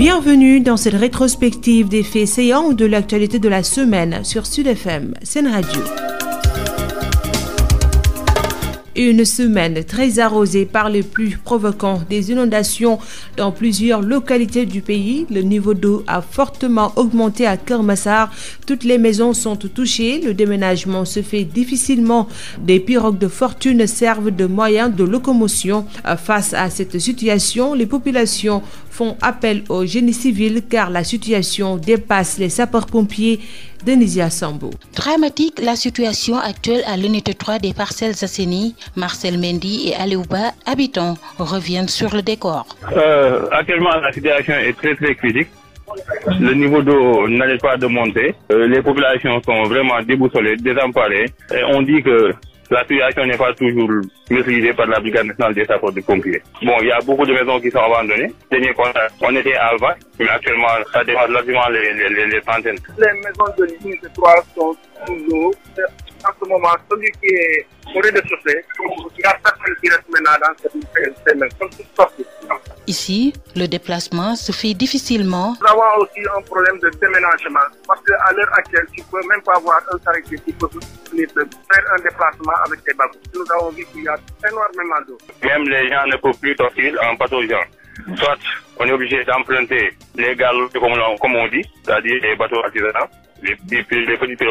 Bienvenue dans cette rétrospective des faits séants ou de l'actualité de la semaine sur Sud FM, scène radio. Une semaine très arrosée par les pluies provoquant des inondations dans plusieurs localités du pays. Le niveau d'eau a fortement augmenté à Keur Massar. Toutes les maisons sont touchées. Le déménagement se fait difficilement. Des pirogues de fortune servent de moyen de locomotion. Face à cette situation, les populations font appel au génie civil car la situation dépasse les sapeurs-pompiers Denisia Sambo. Dramatique la situation actuelle à l'unité 3 des parcelles Assainies. Marcel Mendy et Aléouba, habitants, reviennent sur le décor. Euh, actuellement, la situation est très très critique. Le niveau d'eau n'arrête pas de monter. Euh, les populations sont vraiment déboussolées, désemparées. Et on dit que la situation n'est pas toujours maîtrisée par la Brigade nationale des sapeurs-pompiers. Bon, il y a de maisons qui sont abandonnées. Dernier contact, on était à 20, mais actuellement, ça dépasse largement les, les, les, les, centaines. Les maisons de l'île de 3 sont sous l'eau. En ce moment, celui qui est au rez-de-chaussée, il y a personne qui reste maintenant dans cette maison. Comme toute Ici, le déplacement se fait difficilement. Nous avons aussi un problème de déménagement parce qu'à l'heure actuelle, tu ne peux même pas avoir un charretier qui peut faire un déplacement avec tes ballons. Nous avons vu qu'il y a énormément d'eau. Même les gens ne peuvent plus sortir en pataugeant. Soit on est obligé d'emprunter les galeries, comme on dit, c'est-à-dire les bateaux artisanaux. les, les, les petits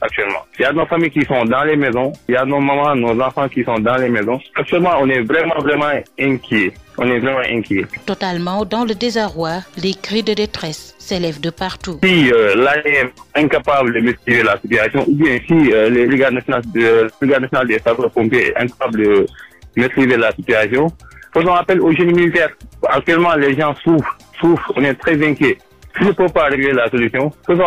actuellement. Il y a nos familles qui sont dans les maisons, il y a nos mamans, nos enfants qui sont dans les maisons. Actuellement, on est vraiment, vraiment inquiets. On est vraiment inquiets. Totalement dans le désarroi, les cris de détresse s'élèvent de partout. Si euh, l'ANM incapable de maîtriser la situation, ou bien si euh, les brigades nationales, de, nationales des sapeurs-pompiers incapables de maîtriser la situation, faisons appel aux jeunes militaires. Actuellement, Si ne peut pas régler la solution, faisons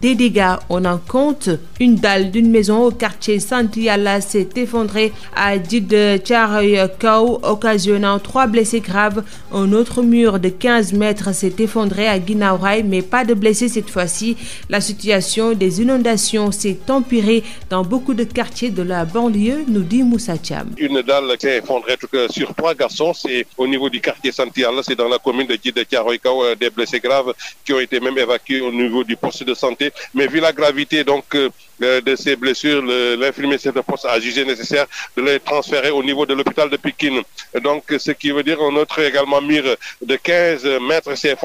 des dégâts, on en compte. Une dalle d'une maison au quartier Santiala s'est effondrée à Djid Tcharoy-Kao, occasionnant trois blessés graves. Un autre mur de 15 mètres s'est effondré à Guinaouraï, mais pas de blessés cette fois-ci. La situation des inondations s'est empirée dans beaucoup de quartiers de la banlieue, nous dit Moussa Une dalle qui effondrée euh, sur trois garçons. C'est au niveau du quartier Santiala, c'est dans la commune de Djidé Tiaroïkao, euh, des blessés graves qui ont été même évacués au niveau du poste de santé. Mais vu la gravité donc euh, euh de ces blessures, l'infirmier de poste a jugé nécessaire de les transférer au niveau de l'hôpital de Pékin. Donc, ce qui veut dire un autre également mur de 15 mètres s'est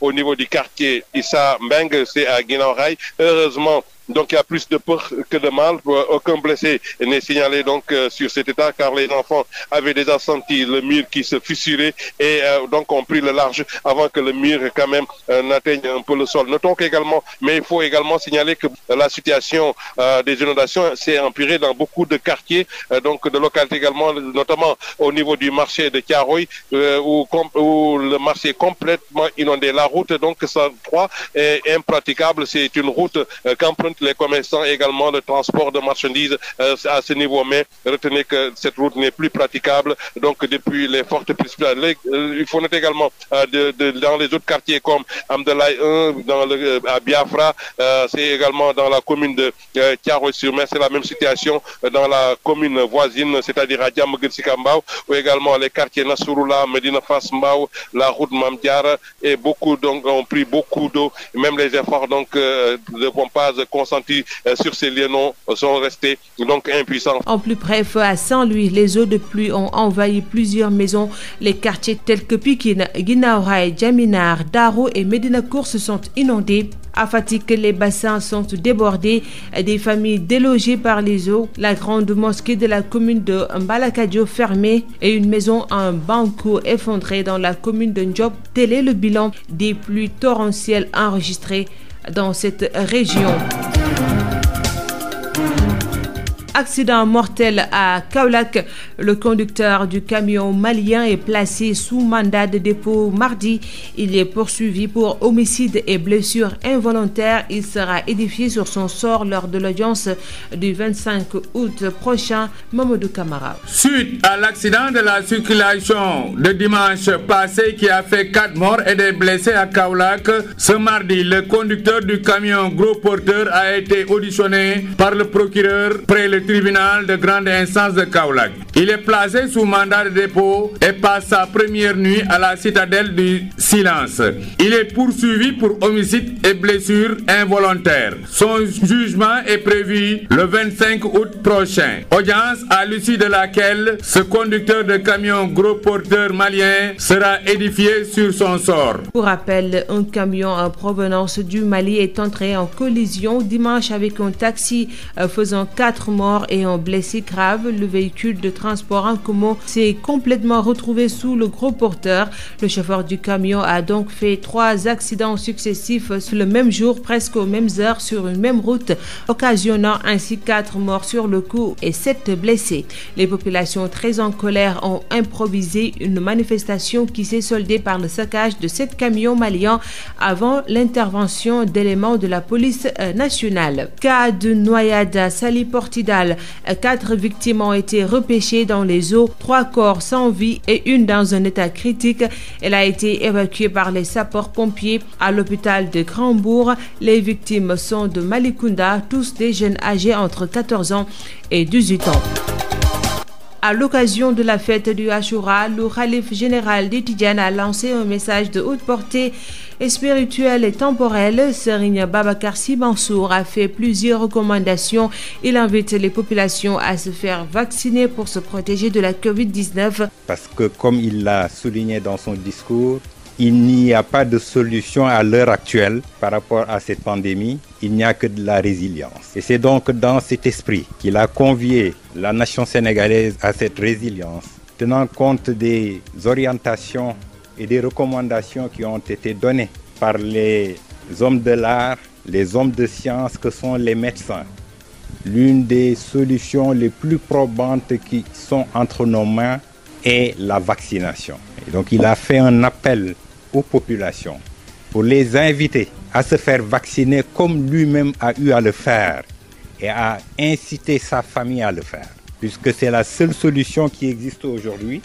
au niveau du quartier Issa Mbeng, c'est à Guinaray. Heureusement, Donc il y a plus de peur que de mal. Aucun blessé n'est signalé donc euh, sur cet état car les enfants avaient déjà senti le mur qui se fissurait et euh, donc ont pris le large avant que le mur quand même euh, n'atteigne un peu le sol. Notons qu'également, mais il faut également signaler que la situation euh, des inondations s'est empirée dans beaucoup de quartiers, de localités également, notamment au niveau du marché de Tiaroy où, le marché est complètement inondé. La route route, les commerçants également, le transport de marchandises euh, à ce niveau. Mais retenez que cette route n'est plus praticable. Donc depuis les fortes précipitations, euh, il faut noter également euh, dans les autres quartiers comme Amdelaï 1, à Biafra, c'est également dans la commune de euh, sur mer c'est la même situation dans la commune voisine, c'est-à-dire à Djamagursikambao, où également les quartiers Nasurula, Medina Fasmbao, la route Mamdiara, et beaucoup donc ont pris beaucoup consentis euh, sur ces lieux non euh, sont restés donc impuissants. En plus bref, à saint les eaux de pluie ont envahi plusieurs maisons. Les quartiers tels que Pikine, Guinaw Rail, Djaminar, Daro et Médina Cour se sont inondés. À Fatick, les bassins sont débordés, des familles délogées par les eaux, la grande mosquée de la commune de Mbalakadio fermée et une maison en banco effondrée dans la commune de Ndiob. Tel est le bilan des pluies torrentielles enregistrées dans cette région. Accident mortel à Kaolack. Le conducteur du camion malien est placé sous mandat de dépôt mardi. Il est poursuivi pour homicide et blessure involontaire. Il sera édifié sur son sort lors de l'audience du 25 à l'accident de la circulation de dimanche passé qui a fait 4 morts et des à tribunal de grande instance de Kaolack Il est placé sous mandat de dépôt et passe sa première nuit à la citadelle du silence. Il est poursuivi pour homicide et blessure involontaire. Son jugement est prévu le 25 août prochain. Audience à l'issue de laquelle ce conducteur de camion gros porteur malien sera édifié sur son sort. Pour rappel, un camion en provenance du Mali est entré en collision dimanche avec un taxi euh, faisant quatre morts et un blessé grave. Le véhicule transports en commun s'est complètement retrouvé sous le gros porteur. Le chauffeur du camion a donc fait trois accidents successifs le même jour, presque aux mêmes heures, sur une même route, occasionnant ainsi quatre morts sur le coup et sept blessés. Les populations très en colère ont improvisé une manifestation qui s'est soldée par le saccage de sept camions maliens avant l'intervention d'éléments de la police euh, nationale. quatre victimes ont été repêchées détachée dans les eaux, trois corps sans vie et une dans un état critique. Elle a été évacuée par les sapeurs-pompiers à l'hôpital de Grandbourg. Les victimes sont de Malicounda, tous des jeunes âgés entre 14 ans et 18 ans. À l'occasion de la fête du Ashura, général d'Etidiane a lancé un message de haute portée et spirituelle et temporelle. Serigne Babacar Sy Mansour a fait plusieurs à se faire vacciner pour se protéger de la que comme il l'a il n'y a pas de solution à l'heure actuelle par rapport à cette pandémie. Il n'y a que de la résilience. Et c'est donc dans cet esprit qu'il a convié la nation sénégalaise à cette résilience, tenant compte des orientations et des recommandations qui ont été données par les hommes de l'art, les hommes de science que sont les médecins. L'une des solutions les plus probantes qui sont entre nos mains est la vaccination. il a fait un appel aux populations pour les inviter à se faire vacciner comme lui-même a eu à le faire et à inciter sa famille à le faire. Puisque c'est la seule solution qui existe aujourd'hui,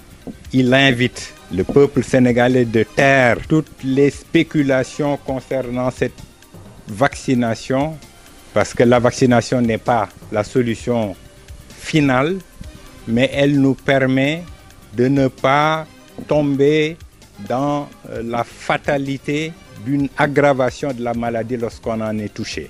il invite le peuple sénégalais de taire toutes les spéculations concernant cette vaccination, parce que la vaccination n'est pas la solution finale, mais elle nous permet de ne pas tomber dans euh, la fatalité d'une aggravation de la maladie lorsqu'on en est touché.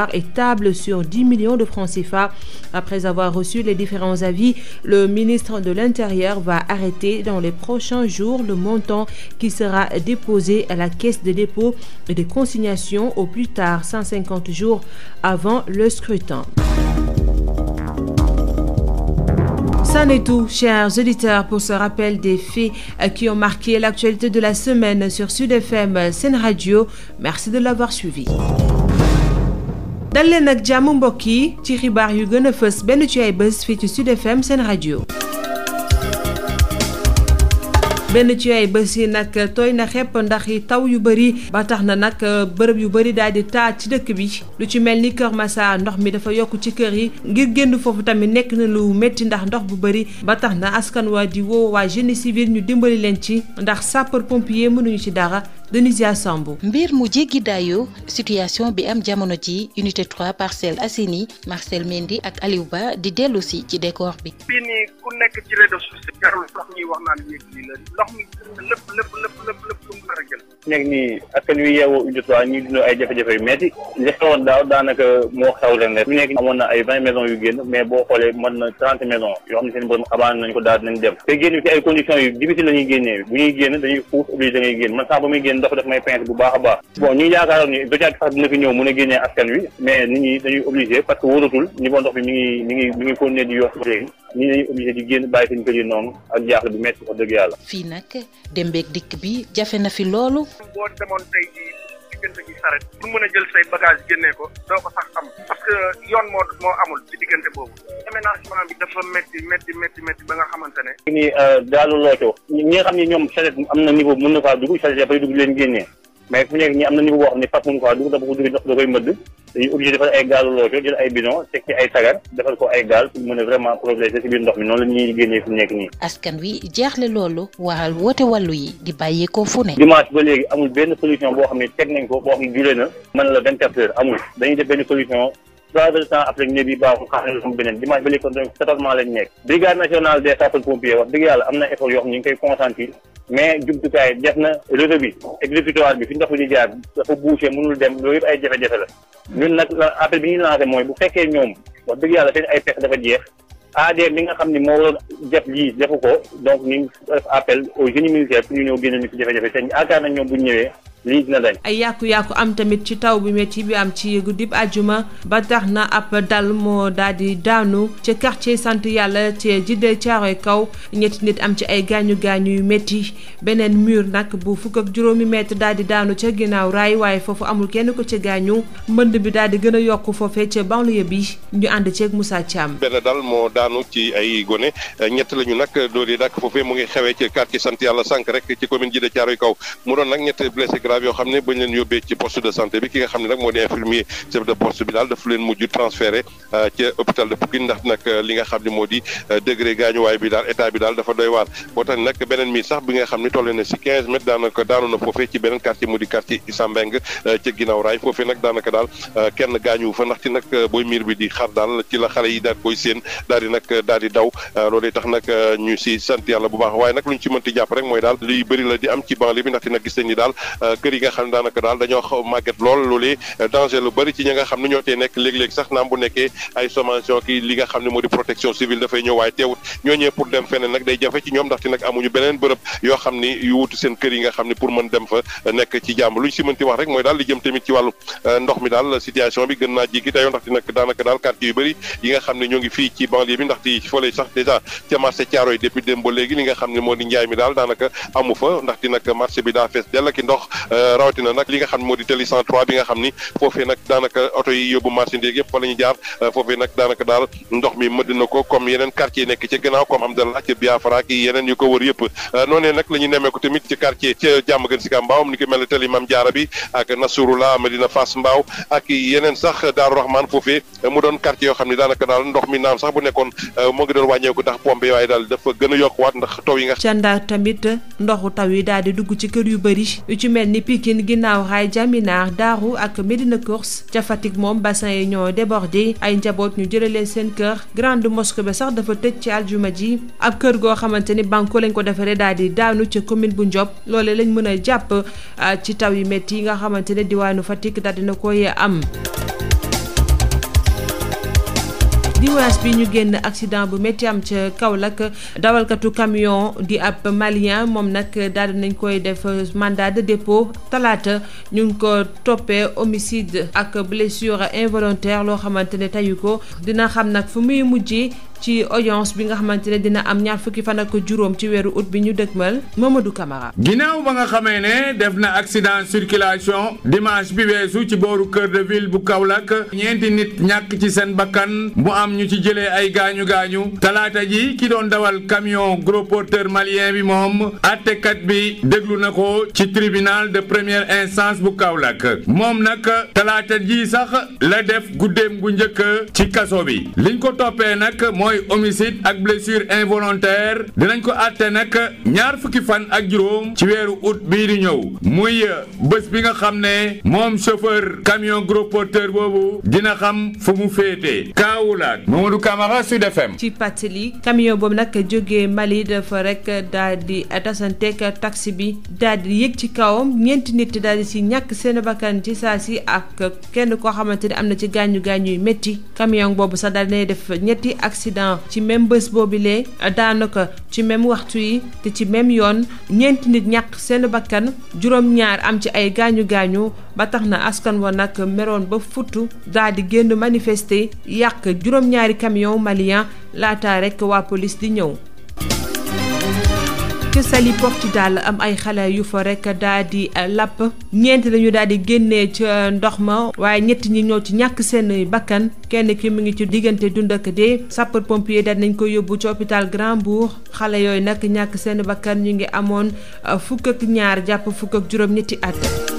départ est table sur 10 millions de francs CFA. Après avoir reçu les différents avis, le ministre de l'Intérieur va arrêter dans les prochains jours le montant qui sera déposé à la caisse de dépôt et de consignation au plus tard 150 jours avant le scrutin. Ça n'est tout, chers auditeurs, pour ce rappel des faits qui ont marqué l'actualité de la semaine sur Sud FM Scène Radio. Merci de l'avoir suivi. dal leen ak jàmm mbokk yi ci xibaar yu gën a fës benn ci ay bés fii ci Sud FM seen rajo. benn ci ay bés yi nag tooy na xepp ndax yi taw yu bëri ba tax na nag euh, bërëb yu bëri daal di taa ci dëkk bi lu ci mel ni Kër Massar ndox mi dafa yokk ci kër yi ngir génn foofu tamit nekk na lu métti ndax ndox bu bëri ba tax na askan waa di woo waa sibir ñu dimbali leen ci ndax sapeur pompier mënuñu ci dara Denisia Samb. mbir mu jéggi dayo situation bi am jamono ci unité 3 Parcelles Assainies Marcel Mendy ak Aliou Ba di dellusi ci décor bi. ndox mi lépp lépp lépp lépp lépp lu mu war a jël. nekk nii askan wi yeewoo Unité 3 ñu dund ay jafe-jafe yu metti li xewoon daaw daanaka mu wax taw leen rek amoon na ay vingt maisons yu génn mais boo xoolee mën na trente maisons yoo xam ne seen borom abaan nañ ko daal dinañ dem te génn bi ci ay conditions yu difficile la ñuy génnee bu ñuy génn dañuy xuus obligé da ngay génn man sax ba muy génn ndox daf may pince bu baax a baax bon ñu yaakaaroon ni docaat sax dina fi ñëw mën a génnee askan wi mais nit ñi dañuy obligé bi mi ngi mi ngi mi ngi continuer di yokk nag dem dikk bi jafe na fi loolu. boo demoon tey jii diggante gi saret pour mën a jël say bagage génnee ko doo ko sax am parce que yoon moo moo amul ci diggante boobu. déménagement bi dafa métti métti métti métti ba nga xamante ne. ni daanu euh, lootoo ñi nga xam ni ñoom saret am na niveau mën na faa dugg saret dafay dugg leen génnee. mais fu nekk ñi am na niveau boo xam ne parfum quoi du ko tax ba ko dugg ndox da koy mëdd dañuy obligé defal ay gaalu looco jël ay bidon teg ci ay sagar defal ko ay gaal pour mën a vraiment progresser si biir ndox mi noonu la ñuy génnee fu nekk nii askan wi jaaxle loolu waral woote wàllu yi di bàyyi ko fu ne dimanche ba léegi amul benn solution boo xam ne teg nañ ko boo xam ne jule na mën la vingt quatre heures amul dañuy def benn solution trois heures temps après ñëw yi baaxul xaaral am beneen dimanche ba léegi kon totalement nekk brigade nationale des sapeurs pompiers wax dëgg am na effort yoo xam ñu ngi koy consentir mais jumtukaay def na réseau bi exécutoire bi fi ndox di jaar dafa bouché mënul dem loolu yëpp ay jafe-jafe la ñun nag appel bi ñuy lancé mooy bu fekkee ñoom wax dëgg yàlla seen ay pexe dafa jeex ADM bi nga xam ni moo waroon def lii defu ko donc ñu ngi def appel aux génie militaire pour ñu ñëw génne ñu fi jafe-jafe te bu ñu ñëwee lii dina dañ. ay yàqu-yàqu am tamit ci taw bi métti bi am ci guddib àjjuma ba tax na ab dal moo daal di daanu ca quartier sant yàlla ci Jidde Caaroy kaw ñetti nit am ci ay gaañu gaañu yu métti beneen mur nag bu fukk ak juróomi mètre daal di daanu ca ginnaaw raay waaye foofu amul kenn ko ca gaañu mbënd bi daal di gën a yokk foofee ca banlieue bi ñu ànd ceeg Moussa Thiam. benn dal moo daanu ci ay gone ñett lañu nag dóor yi nag foofee mu ngi xewee ci quartier sant yàlla sànq rek ci commune Caaroy kaw mu doon nag ñett blessé grave yoo xam raay foofee nag daanaka daal euh, kenn gaañu fa ndax nag euh, booy miir bi di xar daal ci la xale yi daal koy séen daal di nag euh, daal di tax nag ñu si sant bu baax waaye nag lu ñu jàpp rek mooy daal luy bëri la di am ci banlieue bi ndaxte nag gis nañ ni daal kër yi nga xam ne daanaka daal dañoo xaw màgget lool loolee euh, danger lu bëri ci ñi nga ne ñoo tee nekk léeg sax naam nekkee ay sommation li nga xam ne moo di protection civile dafay ñëw waaye teewut ñooñee pour dem feneen nag day jafe ci ñoom ndaxte nag amuñu beneen bërëb yoo xam ni yu wutu kër yi nga xam ne pour mën dem fa euh, nekk ci jàmm lu ñu si mënti wax rek mooy daal li jëm tamit ci wàllu euh, ndox mi daal situation bi gën naa jéggi tayoo ndaxte nag daanaka daal quartier yu bëri yi nga xam ne ñoo ngi fii ci banlieue bi ndaxte fële sax dèjà ca marché Thiaroye depuis démb ba léegi li nga xam ne moo di njaay mi daal daanaka amu fa ndaxte nag marché bi daa fees dell ki ndox Euh, rawatina nag li nga xam ne moo di tali 103 bi nga xam ni foofee nag daanaka oto yi yóbbu marchandise yëpp fa la jaar euh, foofee nag daanaka daal ndox mi euh, sax Daaru Rahman foofee mu doon quartier yoo xam ne daanaka daal ndox mi naam sax bu nekkoon moo ngi doon wàññeeku ndax pompe waaye daal dafa gën a yokkuwaat ndax taw yi nga ca Ndar tamit ndoxu taw yi daal di dugg ci kër yu bëri yu ci mel ni ay Pikine ginnaaw raay Jaminaar Daaru ak Médina Course ca Fatick moom bassin yi ñoo débordé ay njaboot ñu jëlee leen seen kër grande mosquée sax dafa tëj ci aljuma ji ab kër goo xamante ni banque lañ ko defaree daal di daanu ca commune bu Ndiob loole lañu mën a jàpp ah, ci taw yi métti yi nga xamante ne diwaanu Fatick daal dina koy am. dimanche bi ñu génn accident bu métti am ca Kaolack dawalkatu camion di ab malien moom nag daal nañ koy def mandat de talaata ñu ngi ko toppee homicide ak blessure involontaire loo xamante ne tayu ko dina xam nag fu muy mujj ci audience bi nga xamante ne dina am ñaar fukki fan ak juróom ci weeru août bi ñu dëgmal Mamadou Camara. ginnaaw ba nga xamee ne def na accident circulation dimanche bi weesu ci booru cœur de ville bu Kaolack ñeenti nit ñàkk ci seen bakkan mu am ñu ci jëlee ay gaañu gaañu talaata ji ki doon dawal kamion gros porteur malien bi moom àttekat bi déglu na ko ci tribunal de première instance bu Kaolack moom nag talaata ji sax la def guddeem gu njëkk ci kaso bi mooy homicide ak blessure involontaire dinañ ko àtte nag ñaar fukki fan ak juróom ci weeru août bii di ñëw muy bés bi nga xam ne moom chauffeur camion gros porteur boobu dina xam fu mu féete Kaolack Mamadou Camara Sud FM. ci pàttali camion boobu nag jógee Mali dafa rek daal di tasanteeg taxi bi daal di yëg ci kawam ñeenti nit daal di si ñàkk seen bakkan ci saa si ak kenn koo xamante ni am na ci gaañu gaañu yu métti boobu sax daal di def ñetti ans ci même bés boobile daanaka ci même waxtu yi te ci même yoon ñeenti nit ñàkk seen bakkan juróom-ñaar am ci ay gaañu gaañu ba tax na askan wa nag meroon ba futtu daal di génn manifester yàq juróom-ñaari camion malien laata rekk waa polis di ñëw. ca Saly Portudal am ay xale yu fa rekk daa di eh, lapp ñeent lañu daal di génnee ca ndox ma waaye ñett ñi ñoo ci ñàkk seen bakkan kenn ki mu ngi ci diggante dund ak dee sapeur pompier daal nañ ko yóbbu ci hôpital Grand-Bourg xale yooyu nag ñàkk seen bakkan ñu ngi amoon eh, fukk ak ñaar jàpp fukk ak juróom-ñetti at.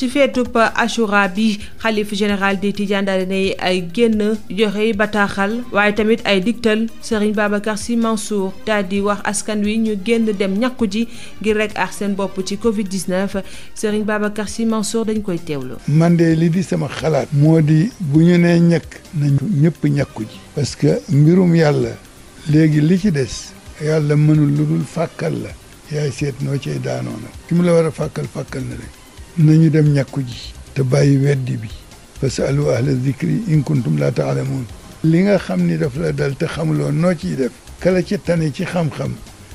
ci feetu pa Achoura bi xalifa général des Tidianes daal dinay ay génn joxe bataaxal waaye tamit ay digtal Serigne Babacar si Mansour daal di wax askan wi ñu génn dem ñàkku ji ngir rek aar seen bopp ci Covid 19 Serigne si Sy Mansour dañ koy teewlu. man de li di sama xalaat. moo di bu ñu nee ñàkk nañu ñëpp ñàkku ji. parce que mbirum yàlla léegi li ci des. yàlla mënul lu dul fàkkal la. yaay seet noo ci daanoo ki mu la war a fàkkal fàkkal na rek. nañu dem ñàkku ji te bàyyi weddi bi fasalu ahla zikri in kuntum laa taalamuun li nga xam ni daf la dal te xamuloo noo ciy def kala ci tane ci xam-xam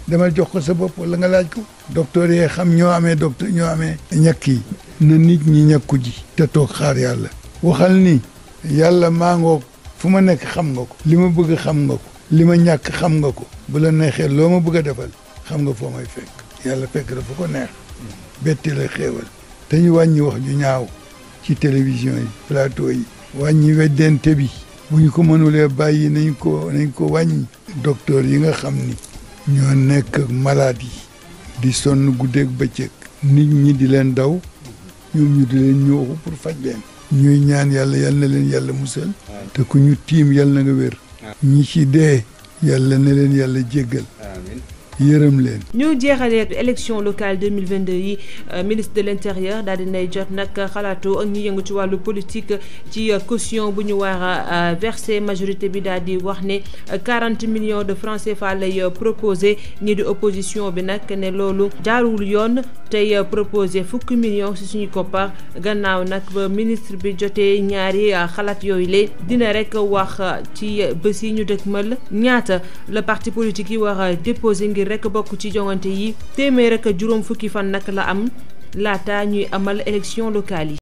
demal jox ko sa bopp wala nga laaj ko docteur yee xam ñoo amee docteur ñoo amee ñàkk yi na nit ñi ñàkku ji te toog xaar yàlla waxal ni yàlla maa ngoog fu ma nekk xam nga ko li ma bëgg xam nga ko li ma ñàkk xam nga ko bu la neexee loo ma bëgg a defal xam nga foo may fekk yàlla fekk dafa ko neex la xéewal te ñu wàññi wax ju ñaaw ci télévision yi plateau yi wàññi weddente bi bu ñu ko mënulee bàyyi nañ ko nañ ko wàññi docteur yi nga xam ni ñoo nekk malade yi di sonn guddeeg bëccëg nit ñi di leen daw ñoom ñu di leen ñooxu pour faj leen ñuy ñaan yàlla yal na leen yàlla musal te ku ñu tiim yal na nga wér ñi ci dee yàlla na leen yàlla jéggal yërëm leen. ñu jeexalee élection locale 2022 yi euh, ministre de l' intérieur daal di nay jot nag xalaatu ak ñi yëngu ci wàllu politique ci euh, caution bu ñu war a euh, majorité bi daal di wax ne 40 millions de francs CFA lay proposé ñi di opposition bi nag ne loolu jaarul yoon tey proposé fukki million si suñu koppar gannaaw nag ba ministre bi jotee ñaari xalaat yooyu la dina rek wax ci bés yi ñu dëkk mal ñaata la parti politique yi war a ngir. ngir rek bokk ci joŋante yi téeméer ak juróom fukki fan nag la am laata ñuy amal élection locale yi.